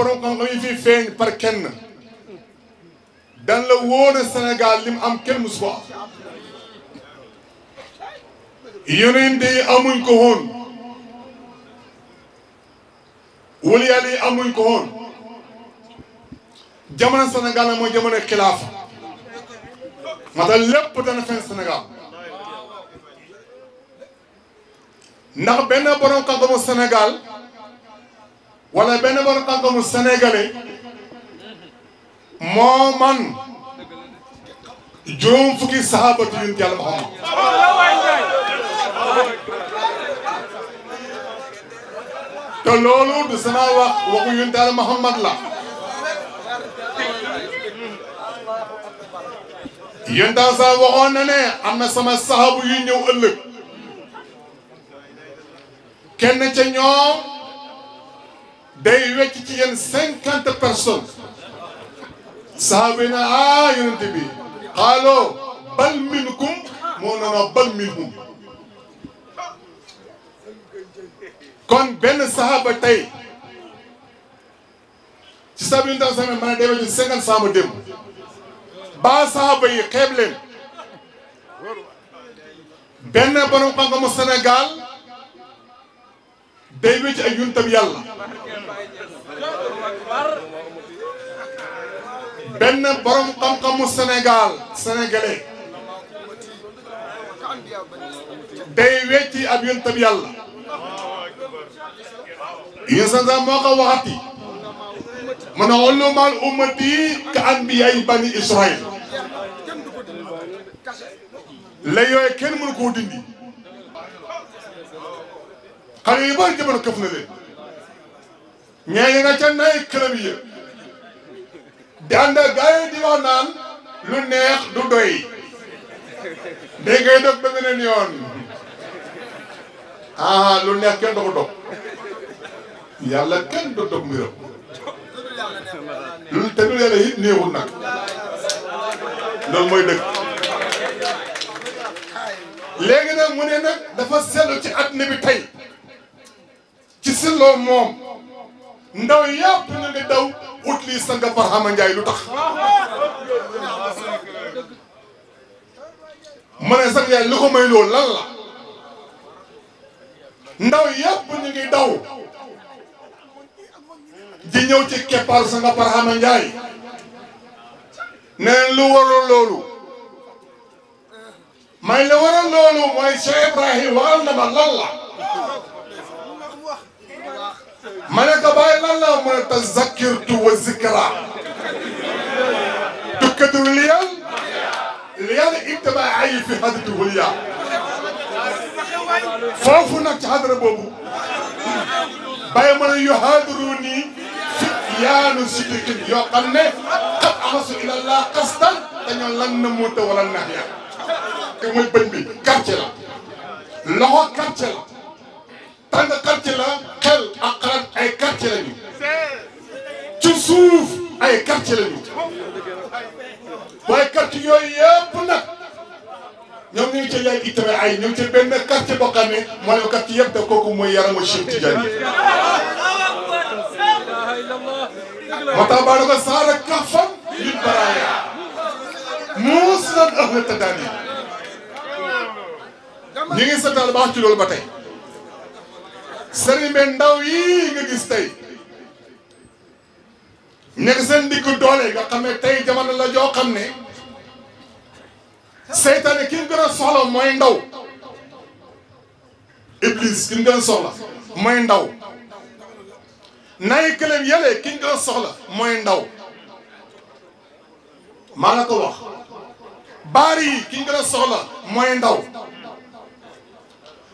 borom xam-xam yi fi feeñ par kenn dan la wóona Sénégal li am kenn musu ko am yonente yi amuñ ko woon wali yàlla amuñ ko woon Sénégal nag mooy jamono xilaafa ma tax lépp dana feeñ Sénégal ndax benn borom xam-xamu Sénégal wala ben borom xam sénégalais mo man juróom fukki sahabatu yun yàlla Muhammad to lolu du sama wax waxu yun yàlla Muhammad la yun daal sa waxon na ne amna sama sahabu yu ñëw ëllëg kenn ca ñoom day wecc ci yéen cinquante personnes sahaaba yi ne ah bal minkum moo noonoo bal minhum kon benn sahaaba tey ci sabi tam same mën a day wecc dem ba sahaaba yi xeeb benn borom xam-xamu Sénégal day wécc ak yuntam yàlla benn borom xam-xamu Sénégal sénégalais wecci ab yuntam yàlla yén sansa moo ko waxati mu ne ulumal ummati ka anbiyay bani Israël la yooyu kenn mënu koo xale yu bëri jamono këf na leen ñee nga ca nay club yi di ànd ak gars yi di wax naan lu neex du doy dégg ngay dog ba beneen yoon ah lu neex kenn du ko dog yàlla kenn du dog mbiram lu te du yàlla it néewul nag loolu mooy dëgg léegi nag mu dafa seetlu ci at mi bi tay. ci silloo moom ndaw yàpp na ne daw wut lii sa nga Barhama Njaay lu tax ma ne sax yaay li ko may ndaw yàpp ñu ngi daw di ñëw ci keppaal sa nga neen lu waral loolu may la waral loolu mooy Cheikh Ibrahim waral na ma ma باي لالا bàyyi lan تو mu ne tazakirtu wa انت ما ليال في هذا الدولية فوفنا كهدر بابو باي من يهادروني نسيتك يا يقن قد أحس إلى الله قصدا تنين لن نموت ولن نحيا كم البنبي كارتلا لغو كارتلا tàng quartier la xel ak xalaat ay quartier lañu ci ay quartier lañu waaye quartier yooyu yëpp nag ñoom ñu ngi ci yaay itamay ay ñu ngi ci benn quartier boo xam ne moo ne quartier yëpp da kooku mooy yaramu Cheikh Tidiane moo tax baa ko saara kafam lil baraaya muus nan ahla tadaani ñu ngi seetal baax ci loolu ba tey sëriñ bi ndaw yii nga gis tey nekk seen diggu doole nga xam ne tey jamono la joo xam ne seytaane ki gën a soxla mooy ndaw iblis ki gën a soxla mooy ndaw nay këlëm yële ki gën a soxla mooy ndaw maa na ko wax baari yi ki gën soxla mooy ndaw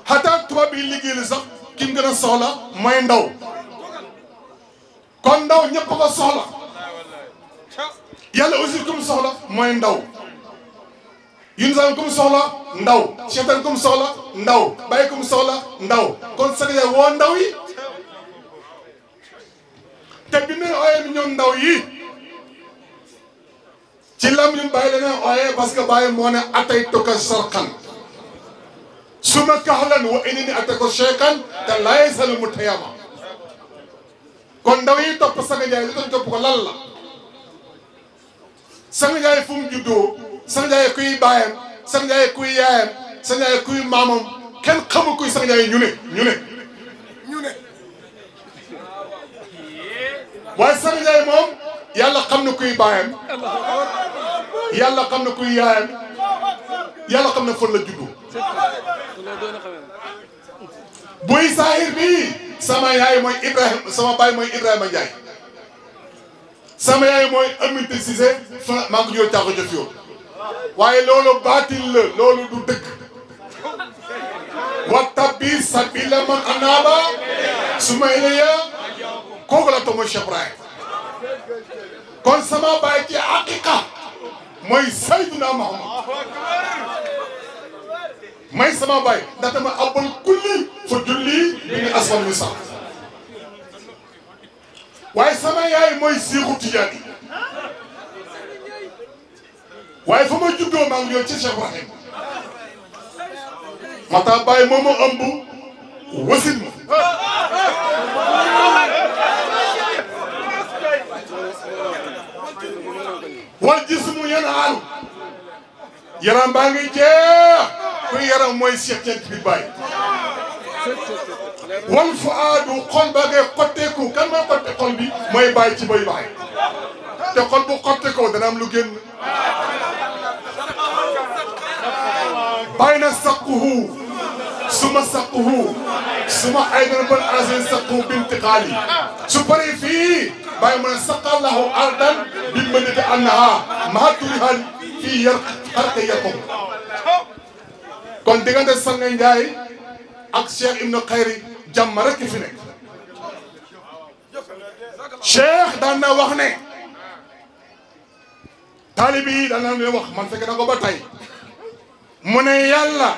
xataa tubaab yi liggéey li sax ki gën a mooy ndaw kon ndaw ñëpp ko soxla yàlla aussi kum soxla mooy ndaw yunisaan kum soxla ndaw seetaan kum soxla ndaw bàyyi kum soxla ndaw kon sëñ woo ndaw yi te bi ñu ooyee ñoom ndaw yi ci lam ñun bàyyi la ne ooyee parce que atay tukka sarxan suma kaxlan wa inani atako cheikhan kon ndaw yi topp Sanga ko lan la Sanga Njaay fu mu juddoo kuy baayam Sanga Njaay kuy yaayam Sanga Njaay kuy maamam kenn xamul kuy Sanga Njaay ñu ne ñu ne ñu ne waaye Sanga Njaay kuy baayam yàlla xam na kuy yaayam yàlla xam na fan juddu buy saahir bii sama mooy Ibrahima sama baay mooy Ibrahima Ndiaye sama waaye loolu baatil loolu du dëkk wattabi sabila man anaaba suma ilaya kooku la mooy Cheikh kon sama baay ci aqiqa mooy Sayyiduna Muhammad may sama baay ndax ma abbal kulli fa julli bi ni asfal mi waaye sama yaay mooy siixu tijaan yi waaye fa ma juddoo maa ngi ñëw ci Cheikh Ibrahim ma taa baay moom ma ëmb wasin ma wal mu yenn aan yaram ngi jeex يرام موي سيتيت بي باي ان فؤاد قلبك قتكو كان ما ان قلبي موي باي تي باي ان تي قلبو قتكو دا نام ان ген باينا سقه سما سقه ان ايضا بن عزيز سقه بانتقالي سوبري في باي من سقى الله ارضا بمنك انها ما تريها في يرق يقوم kon diggante Sangay Ndiaye ak Cheikh Ibn Khayri jàmm rek fi nekk Cheikh daan wax ne taalibi yi wax man fekk na ko ba tey mu ne yàlla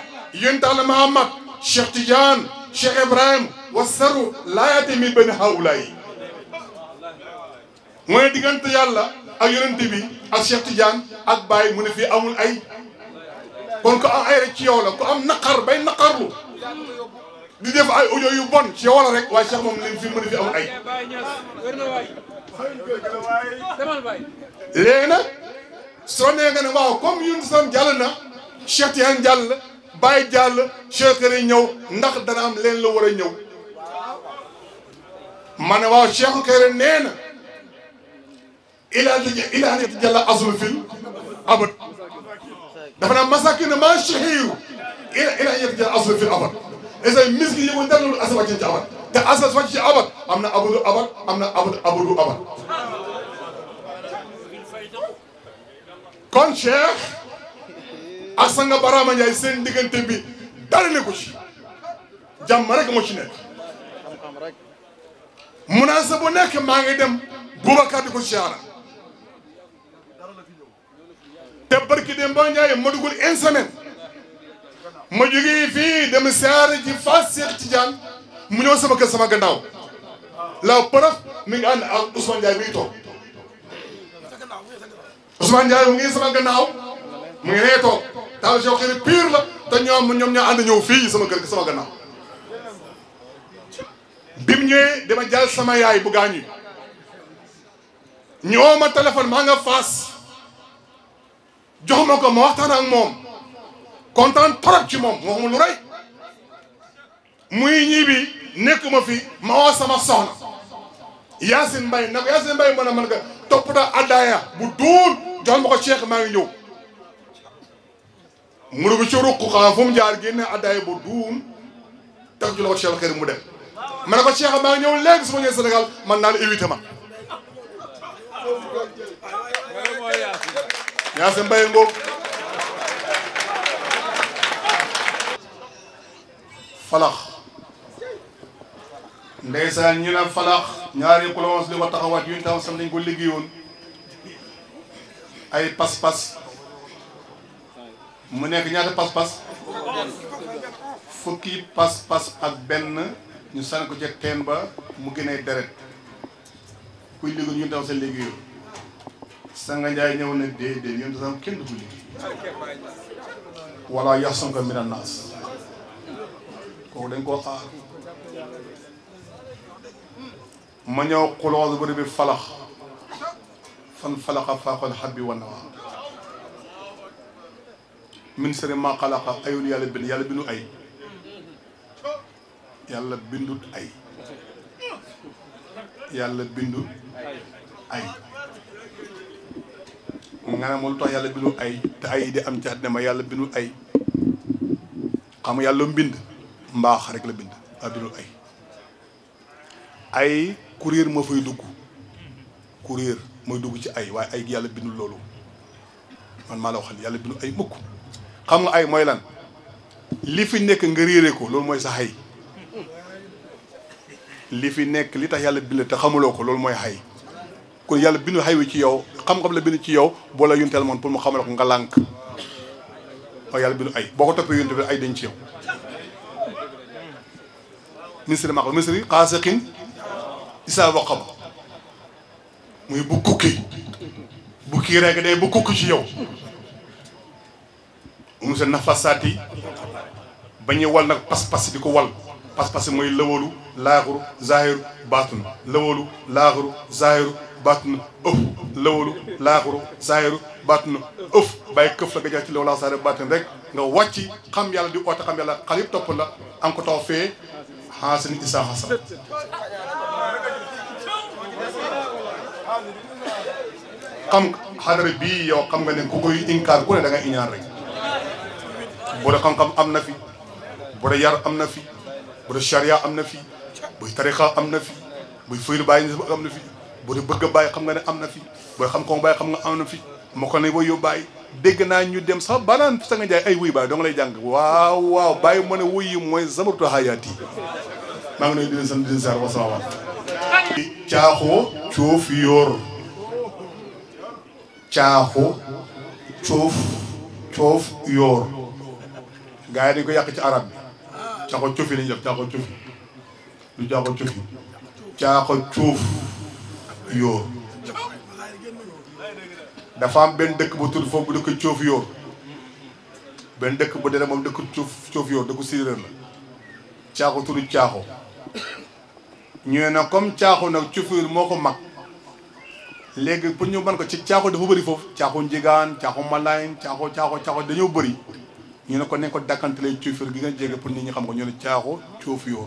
yontaal Mahamad Cheikh Tidiane Ibrahim wasaru laayaate mi benn hawla yi mu diggante yàlla ak yonente ak Cheikh Tidiane ak Baye mu ne fii amul ay kon ko am ay rek ci yow la ko am naqar bay naqar lu di def ay audio yu bon ci yow la rek way Cheikh mom lim fi mën fi am ay leena nag nga ne waaw comme yun son jàll na Cheikh Tidiane jàll bay jàll Cheikh Kër ñëw ndax dana am leen la war a ñëw ma ne waaw Cheikh ila ila ila ila ila ila ila ila ila dafa naan masakina maa shahiyu ila ila yati jël asl fi abad esa miski yi mu dalul asal wàcc ci abad te asal wàcc ci abad am na abudu abad am na abudu abudu abad kon Cheikh ak sanga Barama seen diggante bi dara ne ko ci jàmm nekk munaasa bu maa ngi dem Boubacar di ko siyaara te barki dem ba Ndiaye ma dugul une semaine ma jógee fii dem siyaare ji fa Seex Tijaan mu ñëw sama kër sama gannaaw la preuve mi ngi ànd ak Ousmane Ndiaye mu ngi sama gannaaw mu ngi nee toog taal soo xëy pire la te ñoom ñoom ñoo ànd ñëw fii sama kër sama gannaaw bi mu ñëwee dama jàll sama yaay bu gaañu. ñu woo ma téléphone maa nga faas jox ma ko ma waxtaan ak moom kontaan trop ci moom waxuma lu rey muy ñii bi nekkuma fi ma woo sama soxna Yacine Mbaye na ko Yacine Mbaye mën a mën nga addaaya bu duun jox ma ko Cheikh maa ngi ñëw mu dugg ci ruq xam fu mu jaar génne addaaya bu duun teg ci loxo Cheikh Karim mu dem ma ne ko Cheikh maa ngi ñëw léegi su ma ñëwee Sénégal man naan évité ma Yacine Mbaye Ngom falax ndeysaan ñu naan falax ñaari xulawans li ko taxawaat yuñ taxaw sam dañ ko liggéeyoon ay pas-pas mu nekk ñaata pas-pas fukki pas-pas ak benn ñu sànni ko ca teen ba mu génnee deret كل يوم يوم تاسع ليجيو سانع جاي نيو ندي دي يوم تاسع كين دخولي ولا ياسون كمين الناس كودين كوا خار من يو كلوا زبوري بفلاخ فن فلاخ فاق الحبي والنوا من سر ما قلقا أيو يالبن يالبنو أي يالبنو أي yàlla bindu ay nga ne ma lu tax yàlla bindu ay te ay yi di am ci àddina ma yàlla bindu ay xam nga yàlla mbind mbaax rek la bind a bindu ay ay kuréer ma fay dugg kuréer mooy dugg ci ay waaye ay yàlla bindul loolu man maa la waxal yàlla bindu ay mukk xam nga ay mooy lan li fi nekk nga riire ko loolu mooy sa ay li fi nekk li tax yàlla bind te xamuloo ko loolu mooy xay kon yàlla bindu xay wi ci yow xam-xam la bind ci yow boo la yunteel moom pour mu xamal ko nga lànk oo yàlla bindu ay boo ko toppee yunte bi ay dañ ci yow ministre maa ko ministre xaasiqin bu kukki bu kii rek ci yow mu sa nafasaati ba ñuy wal nag pas-pas di ko wal pas-pas mooy lëwalu لاغرو زاهر باطن لولو لاغرو زاهر باطن اف لولو لاغرو زاهر باطن اف باي كف لا جاتي لولا زاهر باطن رك nga wacci xam yalla di oto xam yalla xalib top la am ko taw hasan isa hasan xam xadara bi yow xam nga ne ku koy inkar ku ne da nga iñaan rek bu da xam xam am fi bu da yar am fi bu da sharia am fi buy tarixa am na fi buy fuylu bàyyi am na fi bu bëgg a bàyyi xam nga ne am na fi booy xam ko bàyyi xam nga am na fi moo ko ne booy yób bàyyi dégg naa ñu dem sax banaan sa nga ay wuy bàyyi doo lay jàng waaw waaw bàyyi mu ne wuy yi mooy zamartu hayaat yi maa ngi leen di leen sant di leen saar wasalaam caaxoo coof yóor caaxo coof coof yóor gars yi dañ ko yàq ci arab bi caaxoo coof yi lañu def du caaxo cufi caaxo cuuf yoo dafa am benn dëkk bu tudd foofu bu dëkk cuuf yoo benn dëkk bu dene moom dëkk cuuf cuuf yoo dëkk na la caaxo tudd caaxo ñu ne comme caaxo nag cuuf yoo moo ko mag léegi pour ñu mën ko ci caaxo dafa bëri foofu caaxo njigaan caaxo malayn caaxo caaxo caaxo dañoo bëri ñu ne ko ne ko dakkantalee cuufir gi nga jege pour nit ñu xam ko ñu ne caaxo cuuf yoo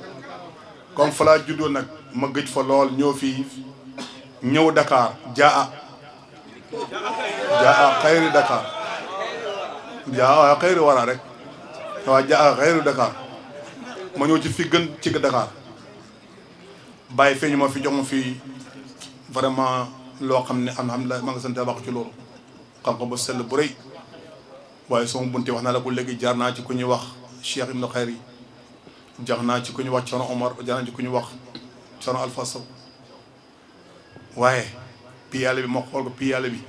comme fa laa juddoo nag ma gëj fa lool ñëw fii ñëw Dakar jaa jaa xayri Dakar jaa xayri waraa rek waaw jaa xayri Dakar ma ñëw ci fi gën ci Dakar fee feeñu ma fi jox ma fi vraiment loo xam ne alhamdulilah maa ngi sant baax ci lool xam-xam bu sell bu rëy waaye sama bunte wax naa la ko léegi jaar naa ci ku ñuy wax Cheikh Ibn Khayri jox naa ci ku ñu wax Thierno Omar jox naa ci ku ñu wax Thierno Alpha Sow waaye pi bi ma xool ko pi yàlla bi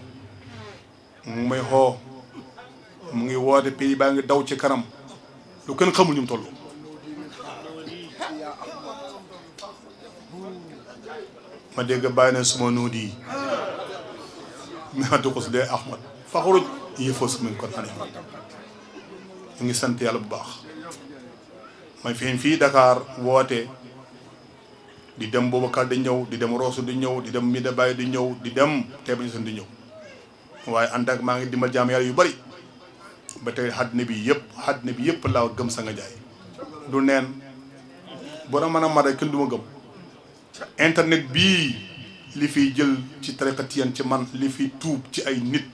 mu may xoo mu ngi woote pays baa ngi daw ci kanam lu kenn xamuñu mu ma dégg bàyyi na suma nuut yi ma du ko su dee ahmad faxaruj yëfoo su min kon ñu ngi sant yàlla bu baax may feeñ fii Dakar woote di dem Boubacar di ñëw di dem Rosso di ñëw di dem Mida Baye di ñëw di dem Taïba Niassène di ñëw waaye ànd ak maa ngi dimbal jaam yàlla yu bari ba tey àddina bi yëpp àddina bi yëpp laa gëm sa jaay du neen boo mën a mar kenn du ma gëm internet bii li fi jël ci tariqa Tijaan ci man li fi tuub ci ay nit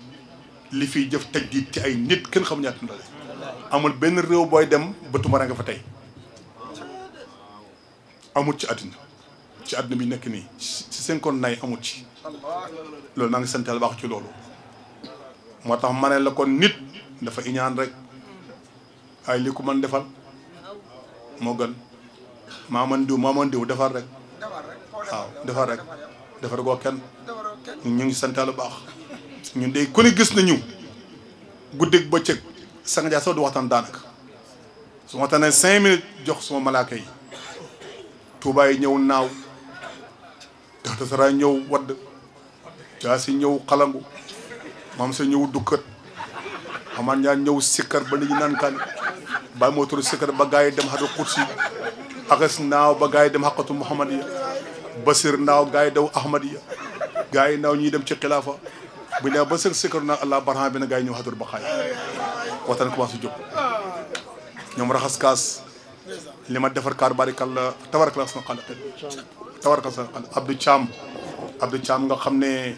li fiy jëf taj di ci ay nit kenn xamuñu ñaata amul benn réew booy dem ba tumara nga fa tey amul ci àddina ci àddina bi nekk nii ci senkoon nay amul ci loolu maa ngi sant yàlla baax ci loolu moo tax ma ne la kon nit dafa iñaan rek ay li ku man defal moo gën maa man diw maa man diw defar rek waaw defar rek defar koo kenn ñu ngi sant yàlla baax ñun de ku ne gis nañu guddeeg bëccëg sanga jaa sax du waxtaan daanaka su ma waxtaanee cinq minutes jox suma malaaka yi Touba yi ñëw naaw Jaxate Sara ñëw wadd daa si ñëw xalangu maam sa ñëw dukkat amaan ñaa ñëw sikkar ba nit ñi naan kaan bàyyi moo turu sikkar ba gaa yi dem xatu kursi akas naaw ba gaa yi dem xaqatu muhammadiya basir naaw gaa yi ahmadiya gaa yi naaw ñuy dem ci xilaafa bu ne ba seen sikkar naa allah barham bi na gaa yi ñëw xatul ba xaay waxtaan commencé jóg ñoom raxas kaas li ma defar kaar barikal la tabarakal sama xalaat tabarakal ab xalaat Abdou Thiam Abdou Thiam nga xam ne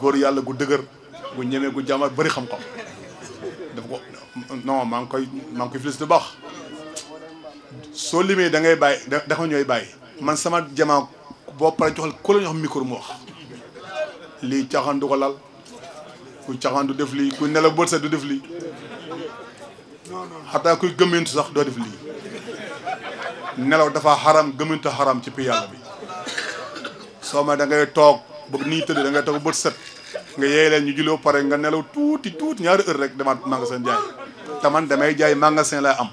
góor yàlla gu dëgër gu ñeme gu jàmbar bëri xam-xam dafa ko non maa ngi koy maa ngi koy félicité bu baax soo limee da ngay bàyyi dafa ñooy bàyyi man sama jamaa boo paree joxal ku la ñu wax mu wax lii caaxaan du ko lal ku du def lii ku nelaw bët set du def lii xataa kuy gëmmentu sax doo def lii nelaw dafa haram gëmunta haram ci pi yalla bi soo ma da ngay tok bu ni teud da ngay tok tuti set nga yee ñu jullo pare nga nelaw tuti tut ñaar heure rek demaat magasin jaay ta man damay jaay magasin lay am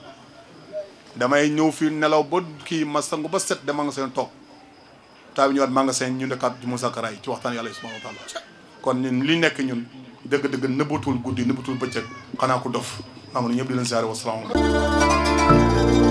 damay ñew fi nelaw ba ki ma sangu ba set de magasin tok taa bi ñëwaat magasin ñu nekkaat ci musa yi ci waxtan yalla subhanahu wa taala kon ñun li nekk ñun deug deug nebutul guddi nebutul beccak xana ko dof amul ñepp di